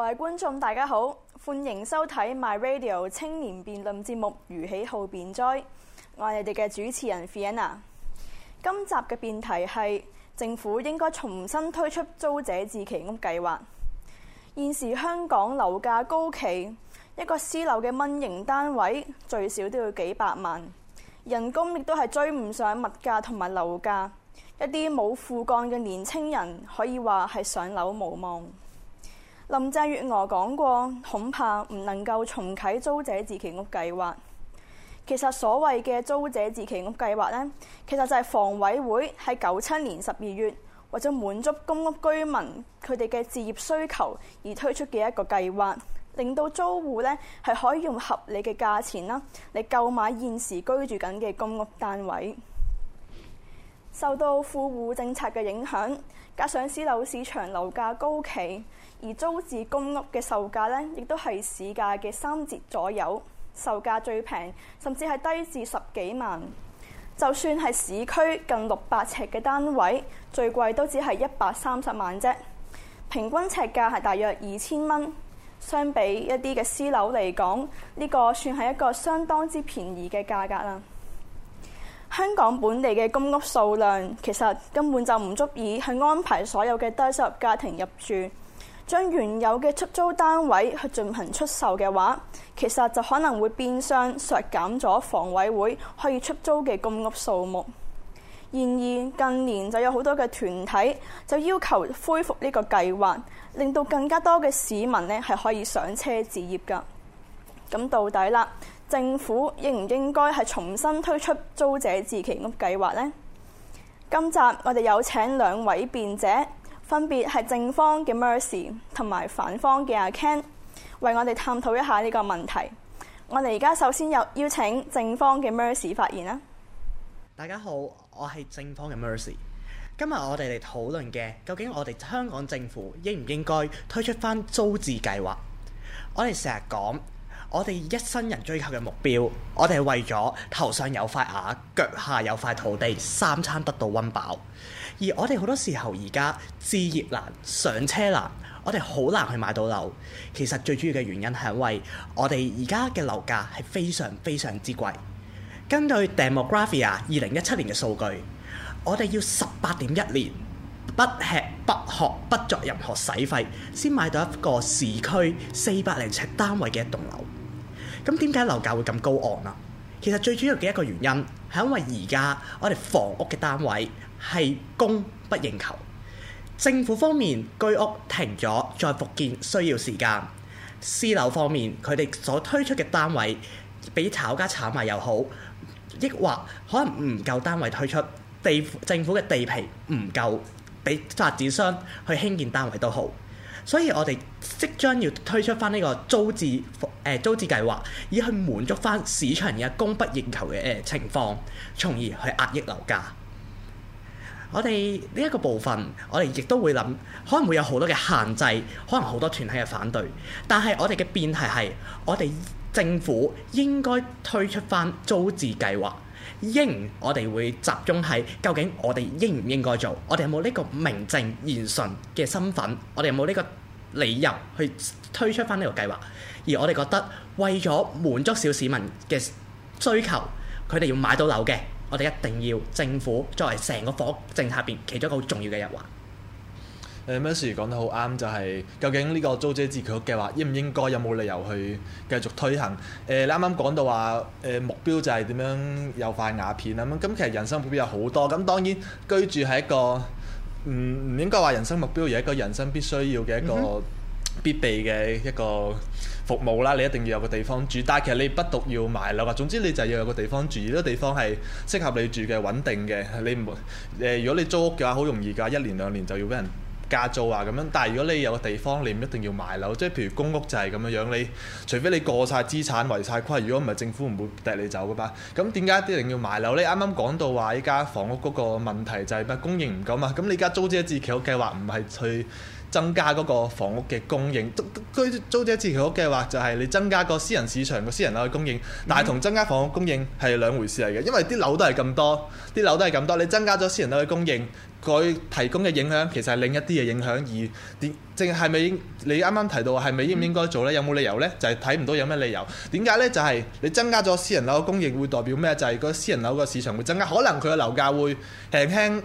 各位觀眾，大家好，歡迎收睇《My Radio》青年辯論節目《如喜好變災予豈好辯哉》。我係你哋嘅主持人 Vienna。今集嘅辯題係政府應該重新推出租者置其屋計劃。現時香港樓價高企，一個私樓嘅蚊型單位最少都要幾百萬，人工亦都係追唔上物價同埋樓價，一啲冇父幹嘅年青人可以話係上樓無望。林鄭月娥講過，恐怕唔能夠重啟租者置其屋計劃。其實所謂嘅租者置其屋計劃呢，其實就係房委會喺九七年十二月為咗滿足公屋居民佢哋嘅置業需求而推出嘅一個計劃，令到租戶呢係可以用合理嘅價錢啦嚟購買現時居住緊嘅公屋單位。受到富戶政策嘅影響，加上私樓市場樓價高企。而租置公屋嘅售價呢，亦都係市價嘅三折左右，售價最平甚至係低至十幾萬。就算係市區近六百尺嘅單位，最貴都只係一百三十萬啫，平均尺價係大約二千蚊。相比一啲嘅私樓嚟講，呢個算係一個相當之便宜嘅價格啦。香港本地嘅公屋數量其實根本就唔足以去安排所有嘅低收入家庭入住。將原有嘅出租單位去進行出售嘅話，其實就可能會變相削減咗房委會可以出租嘅公屋數目。然而近年就有好多嘅團體就要求恢復呢個計劃，令到更加多嘅市民呢係可以上車置業㗎。咁到底啦，政府應唔應該係重新推出租者置其屋計劃呢？今集我哋有請兩位辯者。分別係正方嘅 Mercy 同埋反方嘅阿 Ken，為我哋探討一下呢個問題。我哋而家首先有邀請正方嘅 Mercy 發言啦。大家好，我係正方嘅 Mercy。今日我哋嚟討論嘅，究竟我哋香港政府應唔應該推出翻租置計劃？我哋成日講，我哋一生人追求嘅目標，我哋係為咗頭上有塊瓦，腳下有塊土地，三餐得到溫飽。而我哋好多時候而家置業難，上車難，我哋好難去買到樓。其實最主要嘅原因係因為我哋而家嘅樓價係非常非常之貴。根據 Demographia 啊二零一七年嘅數據，我哋要十八點一年不吃不喝不作任何使費，先買到一個市區四百零尺單位嘅一棟樓。咁點解樓價會咁高昂啊？其實最主要嘅一個原因係因為而家我哋房屋嘅單位係供不應求，政府方面居屋停咗，再復建需要時間；私樓方面，佢哋所推出嘅單位俾炒家炒賣又好，抑或可能唔夠單位推出地政府嘅地皮唔夠，俾發展商去興建單位都好。所以我哋即將要推出翻呢個租置誒租置計劃，以去滿足翻市場嘅供不應求嘅誒情況，從而去壓抑樓價。我哋呢一個部分，我哋亦都會諗，可能會有好多嘅限制，可能好多團體嘅反對。但係我哋嘅辯題係，我哋政府應該推出翻租置計劃。應我哋會集中喺究竟我哋應唔應該做？我哋有冇呢個名正言順嘅身份？我哋有冇呢個理由去推出翻呢個計劃？而我哋覺得為咗滿足小市民嘅需求，佢哋要買到樓嘅，我哋一定要政府作為成個房屋政策入邊其中一個好重要嘅一環。誒 Mercy 講得好啱，就係、是、究竟呢個租者置其屋計劃應唔應該有冇理由去繼續推行？誒、呃，啱啱講到話誒、呃、目標就係點樣有塊瓦片咁咁、嗯，其實人生目標有好多咁、嗯。當然居住係一個唔唔、嗯、應該話人生目標而一個人生必須要嘅一個必備嘅一個服務啦。你一定要有個地方住，但係其實你不獨要買樓啊。總之你就要有個地方住，而嗰地方係適合你住嘅穩定嘅。你唔誒、呃，如果你租屋嘅話，好容易㗎，一年兩年就要俾人加租啊咁樣，但係如果你有個地方，你唔一定要買樓，即係譬如公屋就係咁樣樣。你除非你過晒資產，違晒規，如果唔係政府唔會掟你走噶吧。咁點解一定要買樓呢？啱啱講到話依家房屋嗰個問題就係咩？供應唔夠嘛。咁你而家租者置其屋計劃唔係去增加嗰個房屋嘅供應，租者置其屋計劃就係你增加個私人市場個私人樓嘅供應，但係、嗯、同增加房屋供應係兩回事嚟嘅，因為啲樓都係咁多，啲樓都係咁多，你增加咗私人樓嘅供應。佢提供嘅影響其實係另一啲嘅影響，而點正係咪？你啱啱提到係咪應唔應該做咧？有冇理由咧？就係睇唔到有咩理由，點解咧？就係你增加咗私人樓嘅供應會代表咩？就係個私人樓嘅市場會增加，可能佢嘅樓價會輕輕，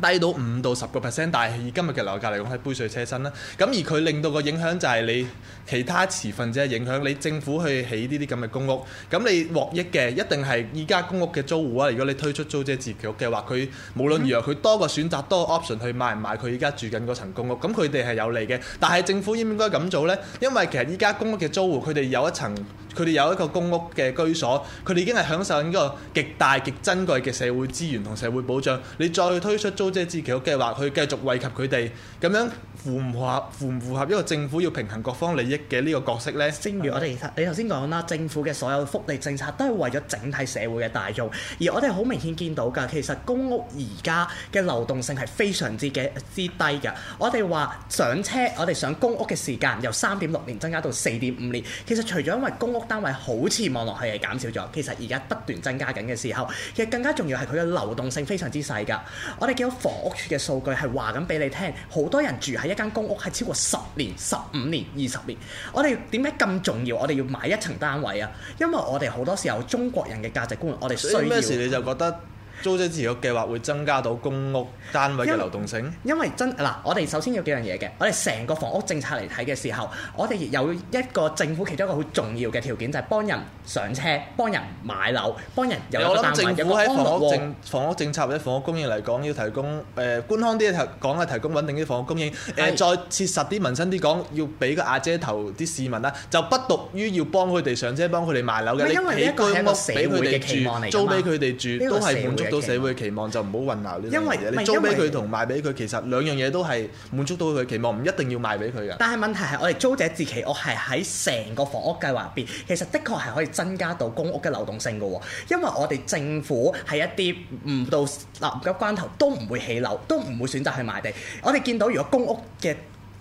低到五到十個 percent，但係以今日嘅樓價嚟講係杯水車薪啦。咁而佢令到個影響就係你其他持份者影響你政府去起呢啲咁嘅公屋，咁你獲益嘅一定係依家公屋嘅租戶啊。如果你推出租者置其屋嘅話，佢無論如何，佢多個選擇多個 option 去買唔買佢依家住緊嗰層公屋，咁佢哋係有利嘅。但係政府應唔應該咁做呢？因為其實依家公屋嘅租戶佢哋有一層。佢哋有一個公屋嘅居所，佢哋已經係享受緊個極大極珍貴嘅社會資源同社會保障。你再推出租者置其屋計劃去繼續惠及佢哋，咁樣符唔符合符唔符合一個政府要平衡各方利益嘅呢個角色咧？正如我哋，你頭先講啦，政府嘅所有福利政策都係為咗整體社會嘅大眾，而我哋好明顯見到噶，其實公屋而家嘅流動性係非常之嘅之低嘅，我哋話上車我哋上公屋嘅時間由三點六年增加到四點五年。其實除咗因為公屋，單位好似望落去係減少咗，其實而家不斷增加緊嘅時候，其實更加重要係佢嘅流動性非常之細㗎。我哋見到房屋處嘅數據係話緊俾你聽，好多人住喺一間公屋係超過十年、十五年、二十年。我哋點解咁重要？我哋要買一層單位啊？因為我哋好多時候中國人嘅價值觀，我哋需要。所以咩事你就覺得？.租者置其屋計劃會增加到公屋單位嘅流動性。因為，因為真嗱，我哋首先要幾樣嘢嘅。我哋成個房屋政策嚟睇嘅時候，我哋有一個政府其中一個好重要嘅條件就係、是、幫人上車、幫人買樓、幫人有政府喺房屋政。房屋政策或者房屋供應嚟講，要提供誒、呃、官腔啲講咧，提供穩定啲房屋供應。誒是、呃，再切實啲民生啲講，要俾個阿姐頭啲市民啦，就不獨於要幫佢哋上車、幫佢哋買樓嘅。是你起居屋俾佢哋住、租俾佢哋住，住都係滿足。到社會期望就唔好混淆呢。因為你租俾佢同賣俾佢，其實兩樣嘢都係滿足到佢嘅期望，唔一定要賣俾佢嘅。但係問題係，我哋租者置其屋係喺成個房屋計劃入邊，其實的確係可以增加到公屋嘅流動性嘅喎。因為我哋政府係一啲唔到臨急關頭都唔會起樓，都唔會選擇去賣地。我哋見到如果公屋嘅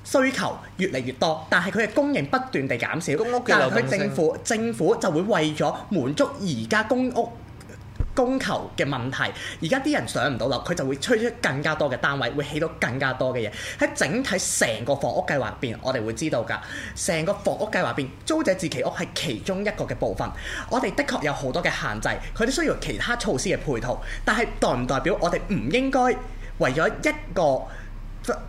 需求越嚟越多，但係佢嘅供應不斷地減少，但係政府政府就會為咗滿足而家公屋。供求嘅問題，而家啲人上唔到樓，佢就會推出更加多嘅單位，會起到更加多嘅嘢。喺整體成個房屋計劃入邊，我哋會知道㗎。成個房屋計劃入邊，租者置其屋係其中一個嘅部分。我哋的確有好多嘅限制，佢哋需要其他措施嘅配套。但係代唔代表我哋唔應該為咗一個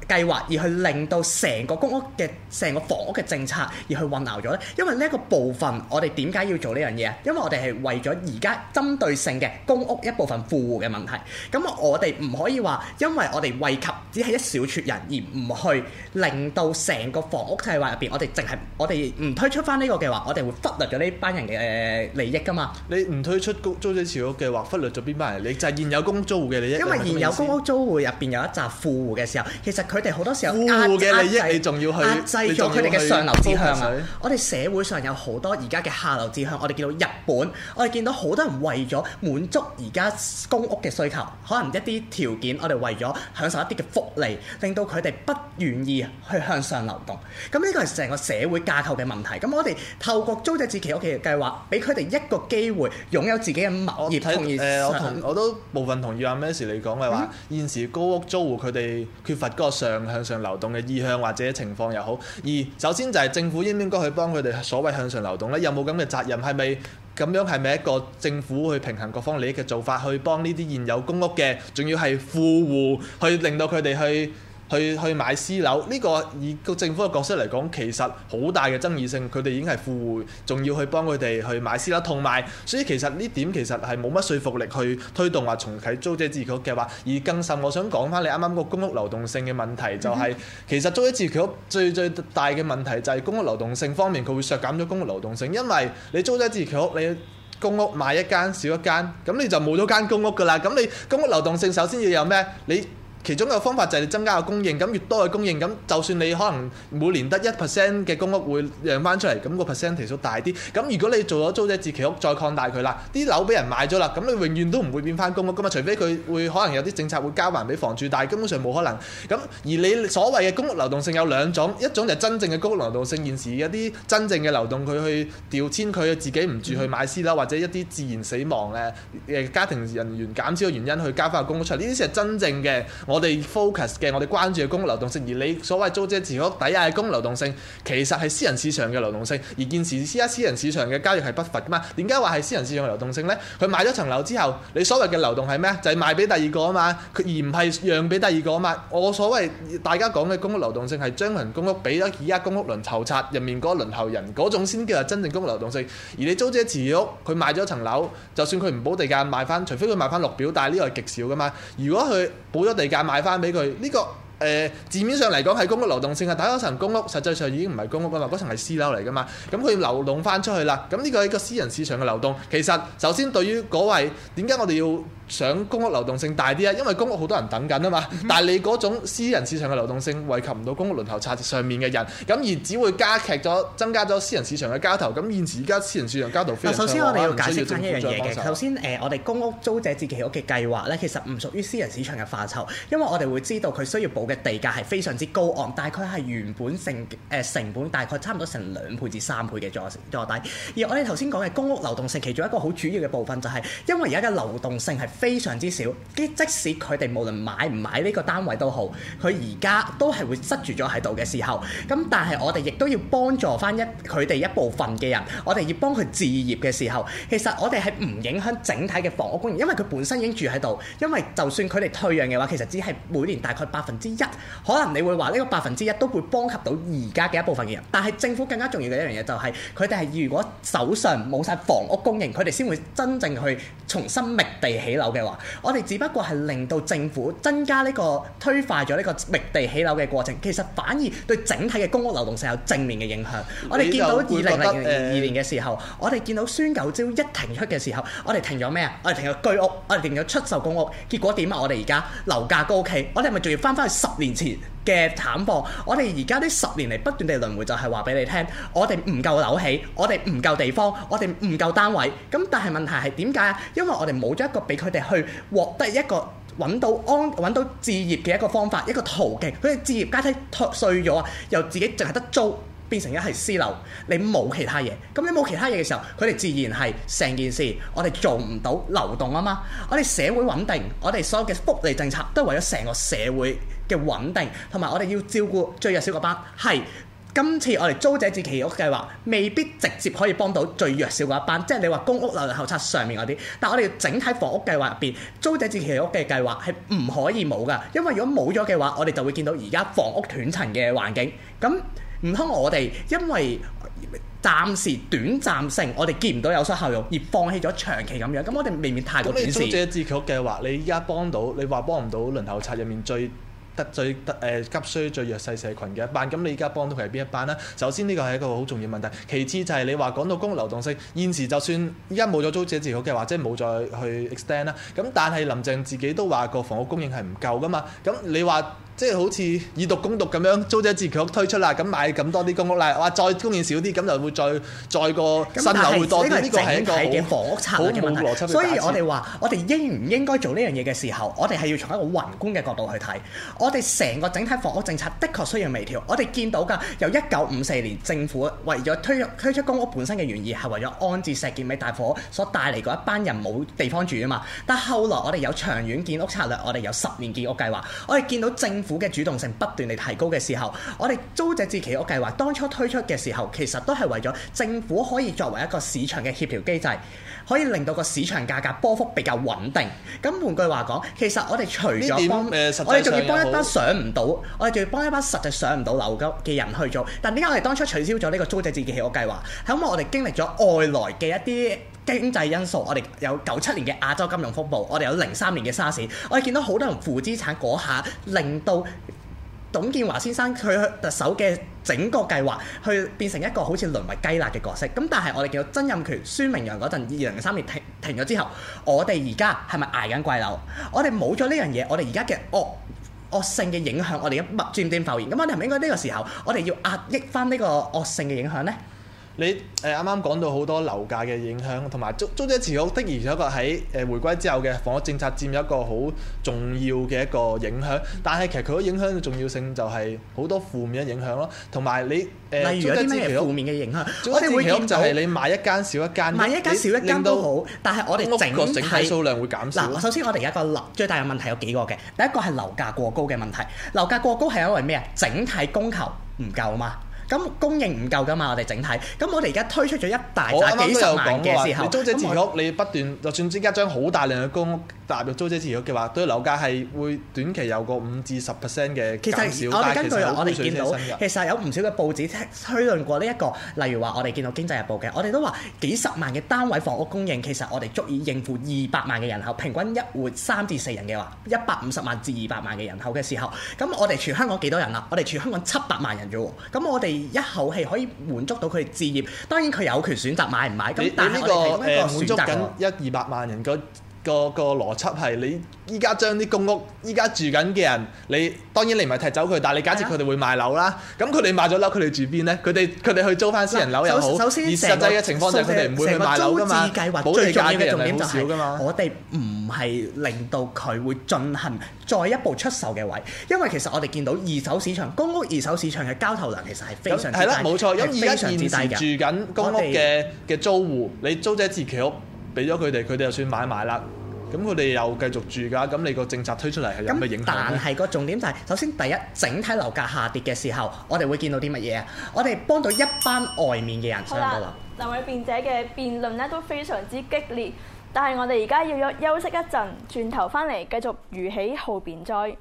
計劃而去令到成個公屋嘅成個房屋嘅政策而去混淆咗咧，因為呢一個部分我哋點解要做呢樣嘢啊？因為我哋係為咗而家針對性嘅公屋一部分富戶嘅問題，咁我哋唔可以話因為我哋惠及只係一小撮人而唔去令到成個房屋計劃入邊，我哋淨係我哋唔推出翻呢個計劃，我哋會忽略咗呢班人嘅利益㗎嘛？你唔推出租者置其屋計劃，忽略咗邊班人？你就係現有公租戶嘅利益。因為現有公屋租戶入邊有一紮富戶嘅時候。其實佢哋好多時候，租戶嘅利益你仲要去制佢哋嘅上流志向，我哋社會上有好多而家嘅下流志向，我哋見到日本，我哋見到好多人為咗滿足而家公屋嘅需求，可能一啲條件，我哋為咗享受一啲嘅福利，令到佢哋不願意去向上流動。咁呢個係成個社會架構嘅問題。咁我哋透過租者置其屋嘅計劃，俾佢哋一個機會擁有自己嘅物業同意我，而、呃、同我都部分同意阿 Mercy 嚟講嘅話，就是、現時公屋租戶佢哋缺乏。個上向上流動嘅意向或者情況又好，而首先就係政府應唔應該去幫佢哋所謂向上流動呢？有冇咁嘅責任？係咪咁樣？係咪一個政府去平衡各方利益嘅做法，去幫呢啲現有公屋嘅，仲要係富戶去令到佢哋去？去去買私樓，呢、這個以個政府嘅角色嚟講，其實好大嘅爭議性。佢哋已經係富戶，仲要去幫佢哋去買私樓，同埋所以其實呢點其實係冇乜說服力去推動話重啟租者置其屋嘅話。而更甚，我想講返你啱啱個公屋流動性嘅問題，就是，就係、嗯、其實租者置其屋最最大嘅問題就係公屋流動性方面，佢會削減咗公屋流動性。因為你租者置其屋，你公屋買一間少一間，咁你就冇咗間公屋㗎啦。咁你公屋流動性首先要有咩？你其中一個方法就係你增加個供應，咁越多嘅供應，咁就算你可能每年得一 percent 嘅公屋會讓翻出嚟，咁個 percent 提速大啲，咁如果你做咗租者置其屋，再擴大佢啦，啲樓俾人買咗啦，咁你永遠都唔會變翻公屋噶嘛，除非佢會可能有啲政策會交還俾房住大，但根本上冇可能。咁而你所謂嘅公屋流動性有兩種，一種就係真正嘅公屋流動性，現時有啲真正嘅流動佢去調遷，佢自己唔住去買私樓，或者一啲自然死亡嘅誒家庭人員減少嘅原因去交翻個公屋出嚟，呢啲先係真正嘅。我哋 focus 嘅，我哋關注嘅公屋流動性，而你所謂租者置其屋底下嘅公屋流動性，其實係私人市場嘅流動性。而現時私家私人市場嘅交易係不乏噶嘛。點解話係私人市場嘅流動性咧？佢買咗層樓之後，你所謂嘅流動係咩就係、是、賣俾第二個啊嘛，佢而唔係讓俾第二個啊嘛。我所謂大家講嘅公屋流動性係將份公屋俾咗而家公屋輪頭擦輪候冊入面嗰輪候人嗰種先叫做真正公屋流動性。而你租者置其屋，佢買咗層樓，就算佢唔補地價，賣翻，除非佢賣翻六表，但係呢個係極少噶嘛。如果佢補咗地價。賣翻俾佢，呢、呢個誒、呃、字面上嚟講係公屋流動性啊，打開層公屋，實際上已經唔係公屋啦，嗰層係私樓嚟㗎嘛，咁佢要流動翻出去啦，咁呢個係一個私人市場嘅流動。其實首先對於嗰位，點解我哋要？想公屋流動性大啲啊，因為公屋好多人等緊啊嘛。嗯、但係你嗰種私人市場嘅流動性惠及唔到公屋輪候冊上面嘅人，咁而只會加劇咗增加咗私人市場嘅交投。咁現時而家私人市場交投，首先我、呃，我哋要解釋翻一樣嘢嘅。首先，誒，我哋公屋租者置其屋嘅計劃咧，其實唔屬於私人市場嘅範疇，因為我哋會知道佢需要補嘅地價係非常之高昂，大概係原本成誒、呃、成本大概差唔多成兩倍至三倍嘅座底。而我哋頭先講嘅公屋流動性，其中一個好主要嘅部分就係、是、因為而家嘅流動性係。非常之少，即使佢哋無論買唔買呢個單位都好，佢而家都係會塞住咗喺度嘅時候，咁但係我哋亦都要幫助翻一佢哋一部分嘅人，我哋要幫佢置業嘅時候，其實我哋係唔影響整體嘅房屋供應，因為佢本身已經住喺度，因為就算佢哋退讓嘅話，其實只係每年大概百分之一，可能你會話呢個百分之一都會幫及到而家嘅一部分嘅人，但係政府更加重要嘅一樣嘢就係佢哋係如果手上冇晒房屋供應，佢哋先會真正去重新覓地起樓。嘅話，我哋只不過係令到政府增加呢、呢個推快咗呢個覓地起樓嘅過程，其實反而對整體嘅公屋流動性有正面嘅影響。你就 我哋見到二零零二年嘅時、呃、時候，我哋見到孫九招一停出嘅時候，我哋停咗咩啊？我哋停咗居屋，我哋停咗出售公屋。結果點啊？我哋而家樓價高企，我哋係咪仲要翻翻去十年前？嘅慘況，我哋而家呢十年嚟不斷地輪迴，就係話俾你聽，我哋唔夠樓起，我哋唔夠地方，我哋唔夠單位。咁但係問題係點解啊？因為我哋冇咗一個俾佢哋去獲得一個揾到安揾到置業嘅一個方法，一個途徑。佢哋置業階梯脱碎咗啊，又自己淨係得租。變成一係私樓，你冇其他嘢，咁你冇其他嘢嘅時候，佢哋自然係成件事，我哋做唔到流動啊嘛！我哋社會穩定，我哋所有嘅福利政策都係為咗成個社會嘅穩定，同埋我哋要照顧最弱小嗰班。係今次我哋租者置其屋計劃，未必直接可以幫到最弱小嗰一班，即係你話公屋輪候冊上面嗰啲。但係我哋整體房屋計劃入邊，租者置其屋嘅計劃係唔可以冇㗎，因為如果冇咗嘅話，我哋就會見到而家房屋斷層嘅環境。咁唔通我哋因為暫時短暫性，我哋見唔到有收效用而放棄咗長期咁樣，咁我哋未免太過短視。咁你租者置其屋計劃，你依家幫到你話幫唔到輪候冊入面最得最得誒、呃、急需最弱勢社群嘅一班，咁你依家幫到佢係邊一班呢？首先呢個係一個好重要問題，其次就係你話講到公流動性，現時就算依家冇咗租者置其屋計劃，即係冇再去 extend 啦，咁但係林鄭自己都話個房屋供應係唔夠噶嘛，咁你話？即係好似以毒攻毒咁樣，租者置其屋推出啦，咁買咁多啲公屋啦，哇！再供應少啲，咁就會再再個新樓會多啲。呢是個係一個好嘅房屋策略嘅問題。所以我哋話，我哋應唔應該做呢樣嘢嘅時候，我哋係要從一個宏觀嘅角度去睇。我哋成個整體房屋政策的確需要微調。我哋見到㗎，由一九五四年政府為咗推推出公屋本身嘅原意係為咗安置石硤尾大火所帶嚟嗰一班人冇地方住啊嘛。但係後來我哋有長遠建屋策略，我哋有十年建屋計劃，我哋見到政府嘅主動性不斷地提高嘅時候，我哋租者置其屋計劃當初推出嘅時候，其實都係為咗政府可以作為一個市場嘅協調機制，可以令到個市場價格波幅比較穩定。咁換句話講，其實我哋除咗幫，呃、我哋仲要幫一班上唔到，我哋仲要幫一班實際上唔到樓嘅人去做。但點解我哋當初取消咗呢個租者置其屋計劃？係因為我哋經歷咗外來嘅一啲。經濟因素，我哋有九七年嘅亞洲金融風暴，我哋有零三年嘅沙士。我哋見到好多人負資產嗰下，令到董建華先生佢特首嘅整個計劃，去變成一個好似淪為雞肋嘅角色。咁但係我哋見到曾蔭權、孫明揚嗰陣二零零三年停停咗之後，我哋而家係咪捱緊貴樓？我哋冇咗呢樣嘢，我哋而家嘅惡惡性嘅影響，我哋一密漸漸浮現。咁我哋係咪應該呢個時候，我哋要壓抑翻呢個惡性嘅影響呢？你誒啱啱講到好多樓價嘅影響，同埋租租者置其屋的而且確喺誒回歸之後嘅房屋政策佔有一個好重要嘅一個影響。但係其實佢嘅影響嘅重要性就係好多負面嘅影響咯。同埋你誒租者置其屋有負面嘅影響，我哋會點，就係你買一間少一間，你買一間少一間都好，但係我哋整體我整體數量會減少。嗱，首先我哋一個樓最大嘅問題有幾個嘅？第一個係樓價過高嘅問題，樓價過高係因為咩啊？整體供求唔夠啊嘛。咁供應唔夠㗎嘛？我哋整體，咁我哋而家推出咗一大、幾十萬嘅時候，剛剛你租者置其屋，你不斷，就算之間將好大量嘅公屋。踏入租者持住嘅話，對樓價係會短期有個五至十 percent 嘅減少。但係其實,其實我哋見到，其實有唔少嘅報紙推論過呢、這、一個。例如話，我哋見到《經濟日報》嘅，我哋都話幾十萬嘅單位房屋供應，其實我哋足以應付二百萬嘅人口，平均一戶三至四人嘅話，一百五十萬至二百萬嘅人口嘅時候，咁我哋全香港幾多人啊？我哋全香港七百萬人啫喎，咁我哋一口氣可以滿足到佢置業。當然佢有權選擇買唔買。咁你但係我哋係滿足緊一二百萬人個個邏輯係你依家將啲公屋依家住緊嘅人，你當然你唔係踢走佢，但係你假設佢哋會賣樓啦。咁佢哋賣咗樓，佢哋住邊呢？佢哋佢哋去租翻私人樓又好。先而實際嘅情況就係佢哋唔會去賣樓噶嘛。成個租置計劃保價最重要嘅重點就係我哋唔係令到佢會進行再一步出售嘅位，的因為其實我哋見到二手市場公屋二手市場嘅交投量其實係非常冇之大，非常之大嘅。住緊公屋嘅租戶，們你租者置其屋。俾咗佢哋，佢哋就算買唔買啦，咁佢哋又繼續住㗎，咁你個政策推出嚟係有去影響，但係、個重點就係、是，首先第一，整體樓價下跌嘅時候，我哋會見到啲乜嘢啊？我哋幫到一班外面嘅人。好啦的，兩位辯者嘅辯論咧都非常之激烈，但係我哋而家要休息一陣，轉頭翻嚟繼續予豈好辯哉。